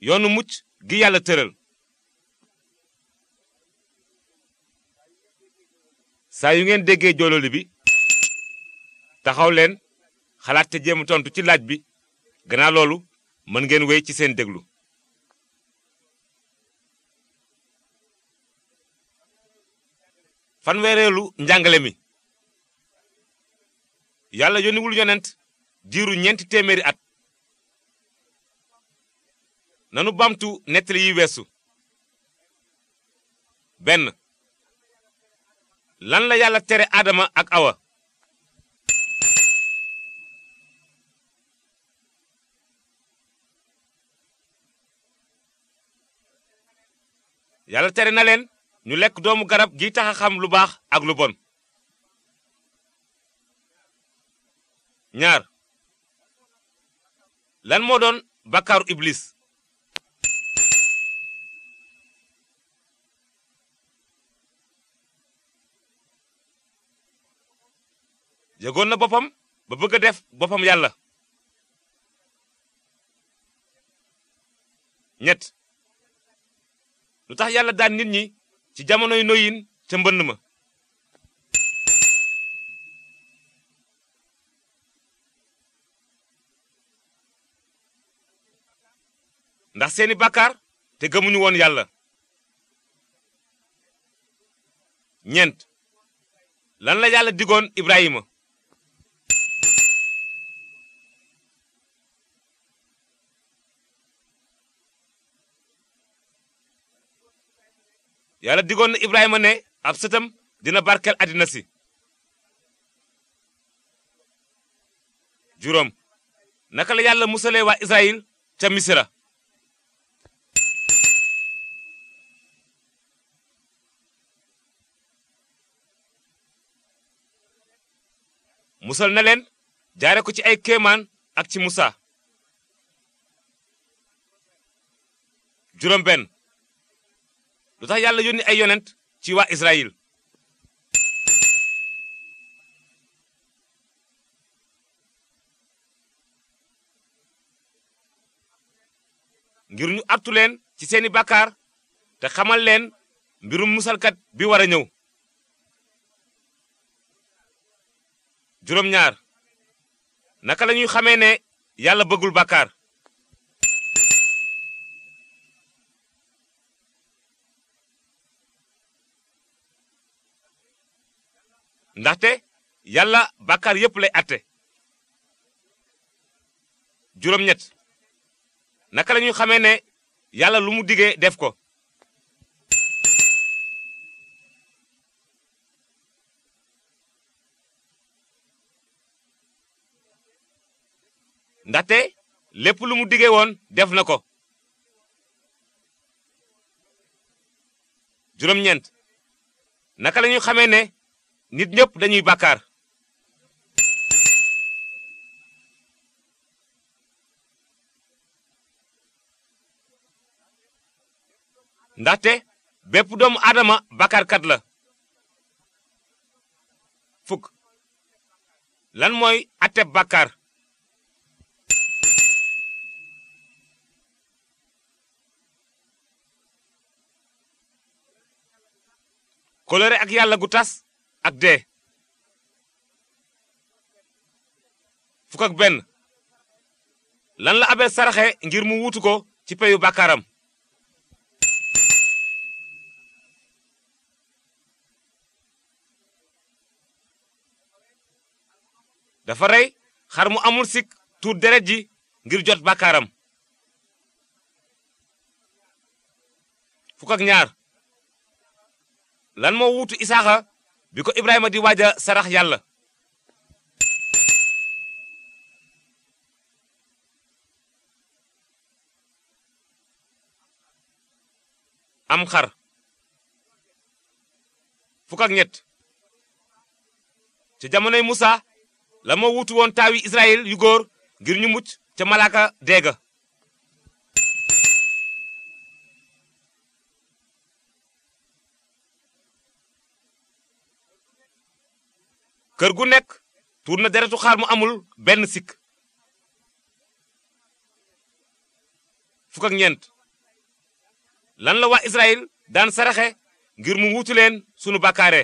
yoonu mucc gi yàlla tëral saa yu ngeen déggee joololi bi taxaw leen xalaat te jéem tontu ci laaj bi gannaaw loolu mën ngeen wéy ci seen déglu fanweereelu njàngale mi yàlla yónniwul yonent diiru ñeenti téeméeri at nanu bamtu nettali yi weesu benn lan la yàlla tere aadama ak awa yàlla tere na leen ñu lekk doomu garab gi tax lu baax ak lu bon ñaar lan moo doon bakkaaru iblis yëgoon na boppam ba bëgg a def boppam yàlla ñett lu tax yàlla daan nit ñi ci jamonoy noyin ca mbënd ma ndax seeni bàkkaar te gëmuñu woon yàlla ñeent lan la yàlla digoon Ibrahima yàlla digoon na Ibrahima ne ab sëtam dina barkeel àddina si. juróom naka la yàlla musalee waa Israël ca Misra. musal na leen jaare ko ci ay kéemaan ak ci Musa. juróom benn lu tax yàlla yónni ay yonent ci waa Israël. ngir ñu artu leen ci seeni bàkkaar te xamal leen mbirum musalkat bi war a ñëw. juróom ñaar naka la ñuy xamee ne yàlla bëggul bàkkaar. ndaxte yàlla bàkkaar yépp lay atte juróom ñett naka lañu xamee ne yàlla lu mu digee def ko ndaxte lépp lu mu digee woon def na ko juróom ñeent naka lañu xamee ne nit ñëpp dañuy bàkkaar ndaxte bépp doomu aadama bàkkaarkat la fukk lan mooy atteb bàkkaar kóllëre ak yàlla gu tas ak benn lan la abel saraxe ngir wuutu ko ci peyu bàkkaaram dafa rey xar mu amul sikk tuur deret ji ngir jot bàkkaaram fukk ak ñaar lan moo wuutu isaaxa bi ko Ibrahima di waaja a sarax yàlla. am xar fukk ñet ñett ca jamonoy Musa la moo wuutu woon taawi Israël yu góor ngir ñu mucc ca malaaka deega kër gu nekk tuur na deretu xaar mu amul benn sik fukk ak ñeent lan la waa Israël daan saraxe ngir mu wuutu leen sunu bàkkaare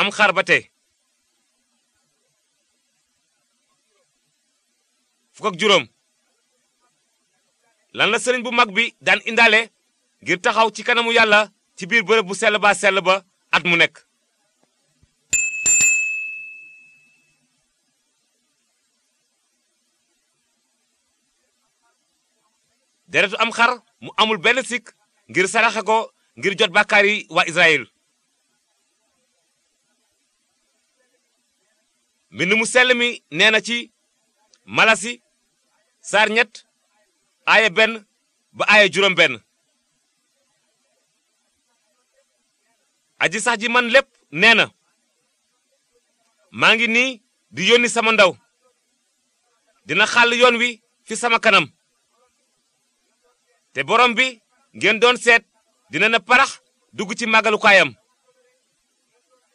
am xar ba tey fukk juróom lan la sëriñ bu mag bi daan indaale ngir taxaw ci kanamu yàlla ci biir bërëb bu sel baa sel ba at mu nekk deretu am xar mu amul benn sikk ngir saraxe ko ngir jot bàkkaar yi waa Israël mbind mu sell mi nee ci malasi saar ñett aaya benn ba aaya juróom benn aji sax ji man lépp nee na maa ngi nii di yónni sama ndaw dina xàll yoon wi fi sama kanam te boroom bi ngeen doon seet dina na parax dugg ci màggalukaayam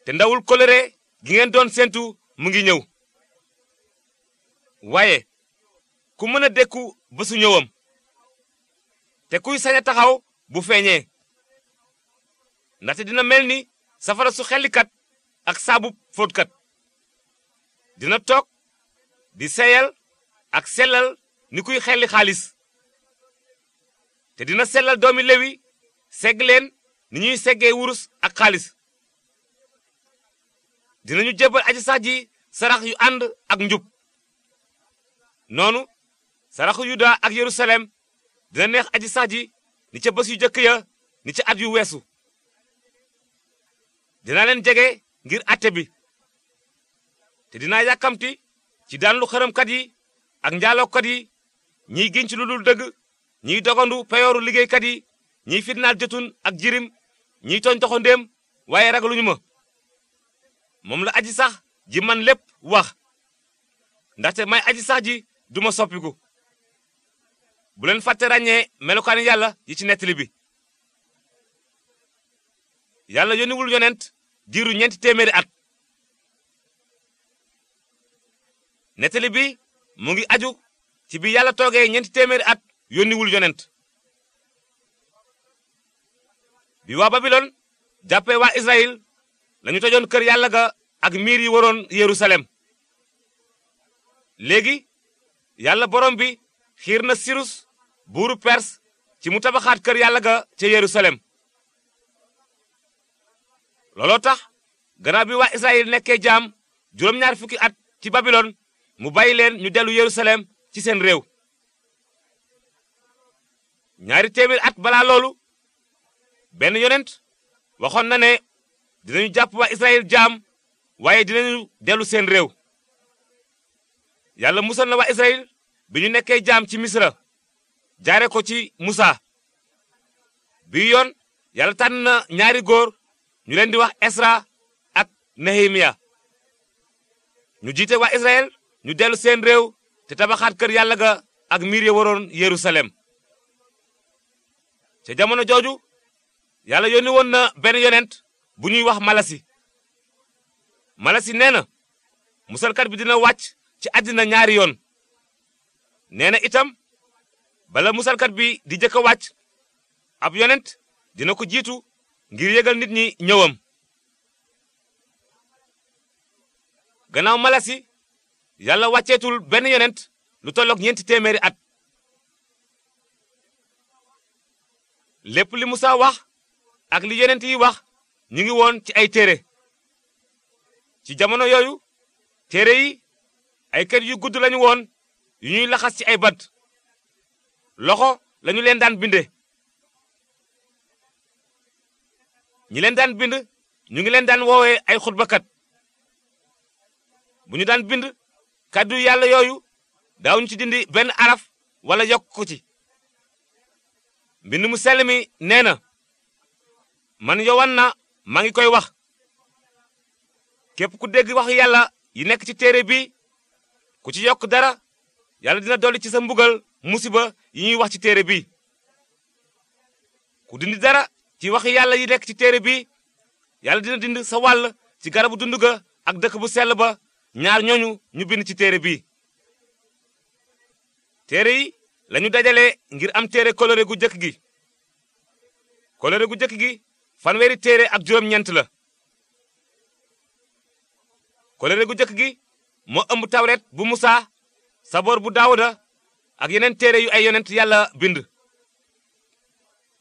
te ndawul kolere gi ngeen doon sentu mu ngi ñëw waaye ku mën a dékku bésu ñëwam te kuy sañ taxaw bu feeñee ndaxte dina mel ni safara su xellikat ak saabu fóotkat dina toog di seyal ak sellal ni kuy xelli xaalis te dina sellal doomi lewi segg leen ni ñuy seggee wurus ak xaalis dinañu jébbal aji sax ji sarax yu ànd ak njub noonu saraxu yuda ak yerusalem dina neex aji saaji ni ca bés yu jëkk ya ni ca at yu weesu dina leen jege ngir àtte bi te dinaa yàkkamti ci daan lu xërëmkat yi ak njaalookat yi ñiy giñ ci lu dul dëgg ñiy dogandu peyooru liggéeykat yi ñiy fitnaal jotun ak jirim ñiy tooñ toxandéem waaye ragaluñu ma moom la aji sax ji man lépp wax ndaxte may aji sax ji duma soppiku bu leen fàtte ràññee melokaani yàlla yi ci nettali bi yàlla yónniwul yonent diiru ñeenti téeméeri at nettali bi mu ngi aju ci bi yàlla toogee ñeenti téeméeri at yónniwul yonent bi waa babilon jàppee waa israyil lañu tojoon kër yàlla ga ak miir yi waroon yerusalem léegi yàlla borom bi xiir na sirus buuru pers ci mu tabaxaat kër yàlla ga ca Yerusalem looloo tax gannaaw bi waa Israël nekkee jaam juróom-ñaar fukki at ci babiloon mu bàyyi leen ñu dellu Yerusalem ci seen réew ñaari téeméer at balaa loolu benn yonent waxoon na ne dinañu jàpp waa Israël jaam waaye dinañu dellu seen réew yàlla musal na wa Israël bi ñu nekkee jaam ci Misra jaare ko ci musa bi yoon yàlla tànn na ñaari góor ñu leen di wax esra ak nehemiya ñu jiite waa israel ñu dellu seen réew te tabaxaat kër yàlla ga ak miir ya waroon yerusalem ca jamono jooju yàlla yónni woon na benn yonent bu ñuy wax malasi malasi nee na musalkat bi dina wàcc ci àddina ñaari yoon nee itam bala musalkat bi di jëkk a wàcc ab yonent dina ko jiitu ngir yëgal nit ñi ñëwam gannaaw malasi yàlla wàcceetul benn yonent lu tolloog ñeenti téeméeri at lépp li musa wax ak li yonent yi wax ñu ngi woon ci ay téere ci jamono yooyu téere yi ay kër yu gudd lañu woon yu ñuy laxas ci ay bant loxo lañu leen daan binde ñi leen daan bind ñu ngi leen daan woowee ay xutbakat bu ñu daan bind kàddu yàlla yooyu daawuñu ci dindi benn araf wala yokk ko ci mbind mu sell mi nee na man yowanna maa ngi koy wax képp ku dégg wax yàlla yi nekk ci téere bi ku ci yokk dara yàlla dina dolli ci sa mbugal musiba yi ñuy wax ci téere bi ku dindi dara ci wax yàlla yi nekk ci téere bi yàlla dina dind sa wàll ci garabu dund ga ak dëkk bu sel ba ñaar ñooñu ñu bind ci téere bi téere yi lañu dajale ngir am téere kolore gu jëkk gi kolore gu jëkk gi fanweeri téere ak juróom-ñeent la kolore gu jëkk gi moo ëmb tawret bu musa saboor bu daawuda ak yeneen téere yu ay yonent yàlla bind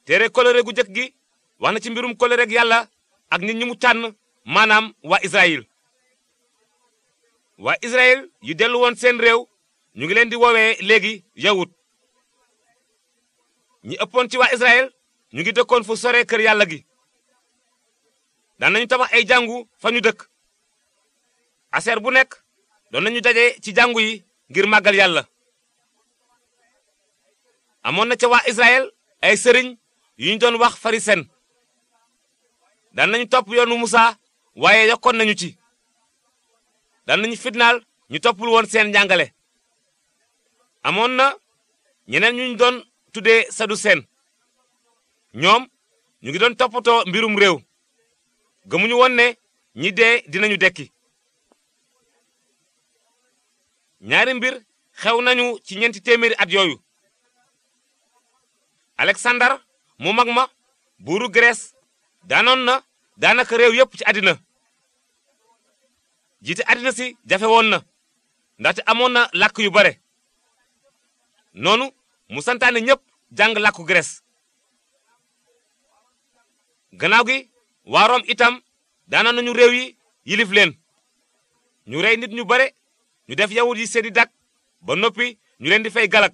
téere kolore gu njëkk gi wax na ci mbirum kolore ak yàlla ak nit ñi mu tànn maanaam waa Israël waa Israël yu dellu woon seen réew ñu ngi leen di woowee léegi yawut ñi ëppoon ci waa Israël ñu ngi dëkkoon fu sore kër yàlla gi daan nañu tabax ay jàngu fa ñu dëkk aseer bu nekk doon nañu daje ci jàngu yi ngir màggal yàlla amoon na ca waa Israël ay sëriñ yu ñu doon wax farisen daan nañu topp yoonu Musaa waaye yokkoon nañu ci daan nañu fitnaal ñu toppul woon seen njàngale amoon na ñeneen ñu ñu doon tuddee sadusen ñoom ñu ngi doon toppatoo mbirum réew gëmuñu woon ne ñi dee dinañu dekki ñaari mbir xew nañu ci ñeenti téeméeri at yooyu alexandar mu mag ma buuru grèce daanoon na daanaka réew yépp ci àddina jiite àddina si jafewoon woon na ndaxte amoon na làkk yu bare noonu mu santaane ñépp jàng làkku grèce gannaaw gi waa Rome itam daanoon nañu réew yi yilifleen ñu rey nit ñu bare ñu def yawut yi seeni dàq ba noppi ñu leen di fay galak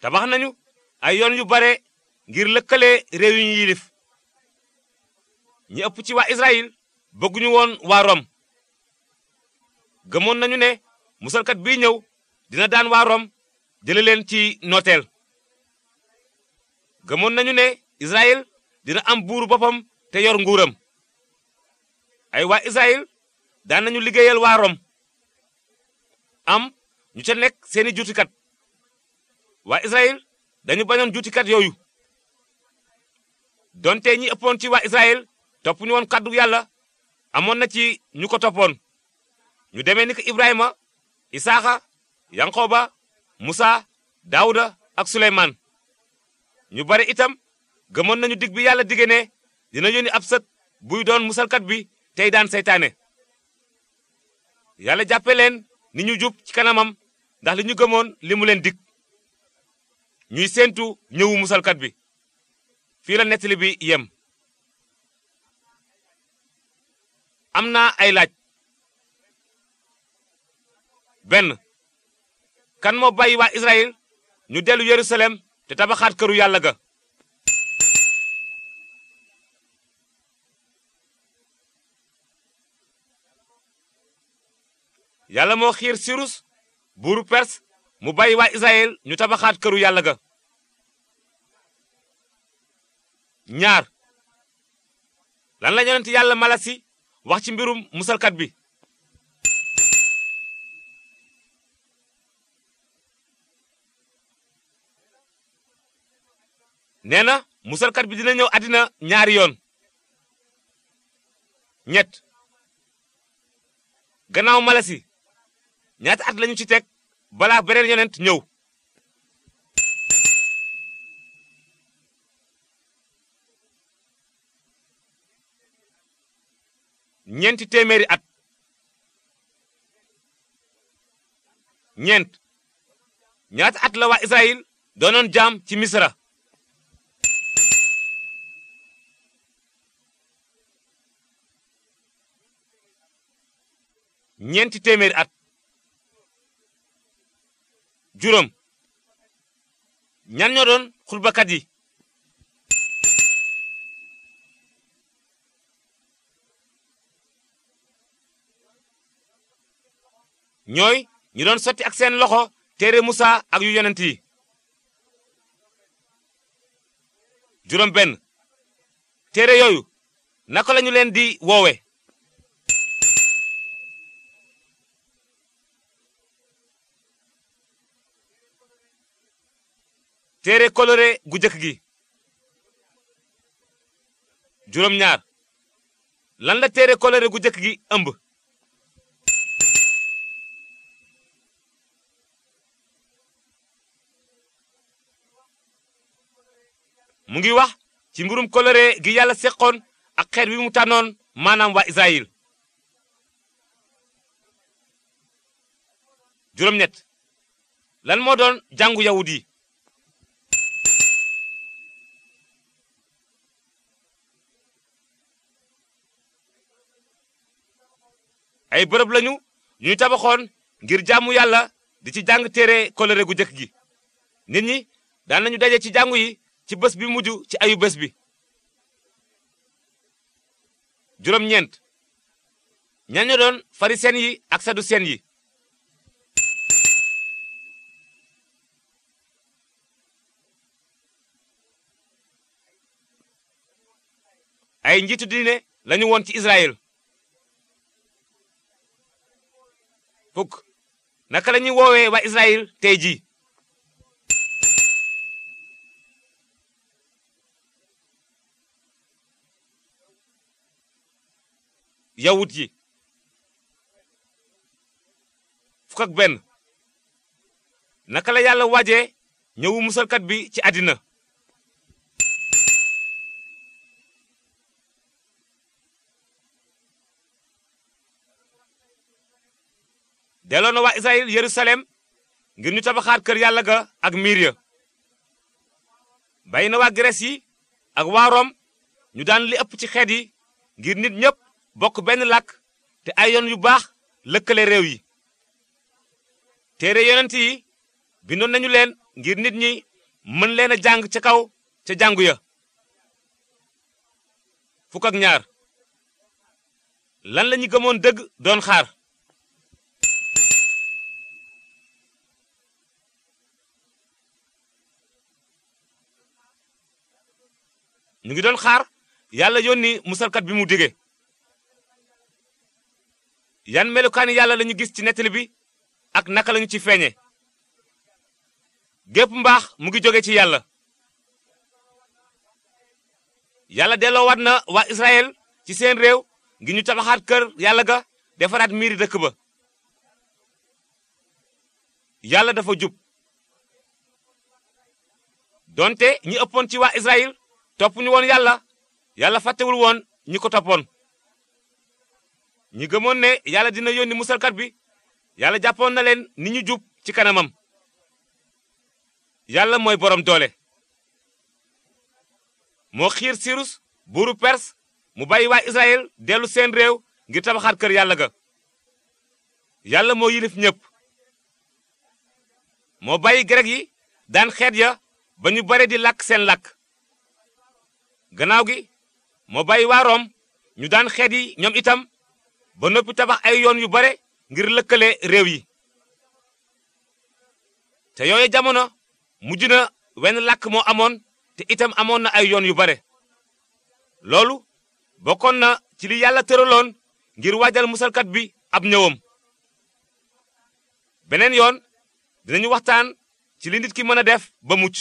tabax nañu ay yoon yu bare ngir lëkkale réew yu ñu yilif ñi ëpp ci waa Israël bëgguñu woon waa Rom gëmoon nañu ne musalkat bi ñëw dina daan waa Rom jële leen ci nooteel gëmoon nañu ne Israël dina am buur boppam te yor nguuram ay waa Israël daan nañu liggéeyal waa Rom am ñu ca nekk seeni juutikat waa Israël dañu bañoon juutikat yooyu doonte ñi ëppoon ci waa Israël topp ñu woon kàddu yàlla amoon na ci ñu ko toppoon ñu deme ni ko Ibrahima Isaaxa Yanqooba Musa Daawuda ak Suleymaan ñu bare itam gëmoon nañu dig bi yàlla dige ne dina yónni ab sët buy doon musalkat bi tey daan seytaane yàlla jàppe leen ni ñu jub ci kanamam ndax li ñu gëmoon li mu leen dig ñuy séentu ñëwu musalkat bi fii la nettali bi yem am na ay laaj benn kan moo bay waa Israël ñu dellu Yerusalem te tabaxaat këru yàlla ga moo xiir Sirus buuru mu bàyyi waa Israël ñu tabaxaat këru yàlla ga ñaar lan la yonent yàlla malasi wax ci mbirum musalkat bi nee na musalkat bi dina ñëw àddina ñaari yoon ñett gannaaw malasi ñaata at lañu ci teg balaa beneen yonent ñëw ñeenti téeméeri at ñeent ñaata at la waa Israël doonoon jaam ci Misra ñeenti téeméeri at juróom ñan ñoo doon xulbakat yi ñooy ñu doon sotti ak seen loxo téere Musa ak yu yi juróom benn téere yooyu naka lañu leen di woowe téere kolore gu jëkk gi juróom lan la téere kolore gu jëkk gi ëmb mu ngi wax ci mbirum kolore gi yàlla seqoon ak xeet wi mu tànnoon maanaam wa Israyil juróom lan moo doon jàngu yawut yi ay bërëb lañu ñu tabaxoon ngir jaamu yàlla di ci jàng téere kolere gu njëkk gi nit ñi daan nañu daje ci jàngu yi ci bës bi mujj ci ayu bés bi juróom ñeent ñañu doon farisen yi ak sadusen yi ay njiitu diine lañu woon ci Israël mukk naka la ñuy woowee waa Israël tey jii yawut yi fukk benn naka la yàlla waajee ñëwu musalkat bi ci àddina delloo na waa Israël Yerusalem ngir ñu tabaxaat kër yàlla ga ak miir ya bàyyi na waa Grèce yi ak waa Rome ñu daan li ëpp ci xeet yi ngir nit ñëpp bokk benn làkk te ay yoon yu baax lëkkale réew yi téere yonent yi bindoon nañu leen ngir nit ñi mën leen a jàng ca kaw ca jàngu ya fukk ak ñaar lan lañu gëmoon dëgg doon xaar ñu ngi doon xaar yàlla yónni musalkat bi mu dige yan melukaani yàlla lañu gis ci nettali bi ak naka lañu ci feeñe gépp mbaax mu ngi jóge ci yàlla yàlla delloowaat na waa Israël ci seen réew ngi ñu tabaxaat kër yàlla ga defaraat miir dëkk ba yàlla dafa jub donte ñi ëppoon ci waa Israël topp woon yàlla yàlla fàttewul woon ñi ko toppoon ñi gëmoon ne yàlla dina yónni musalkat bi yàlla jàppoon na leen ni ñu jub ci kanamam yàlla mooy boroom doole moo xiir sirus buuru pers mu bàyyi waa israel dellu seen réew ngir tabaxaat kër yàlla ga yàlla moo yilif ñëpp moo bàyyi grek yi daan xeet ya ba ñu bare di làkk seen làkk gannaaw gi moo bàyyi waa Room ñu daan xeet ñoom itam ba noppi tabax ay yoon yu bare ngir lëkkale réew yi te yooye jamono mujj na wenn làkk moo amoon te itam amoon na ay yoon yu bare loolu bokkoon na ci li yàlla tëraloon ngir waajal musalkat bi ab ñëwam beneen yoon dinañu waxtaan ci li nit ki mën a def ba mucc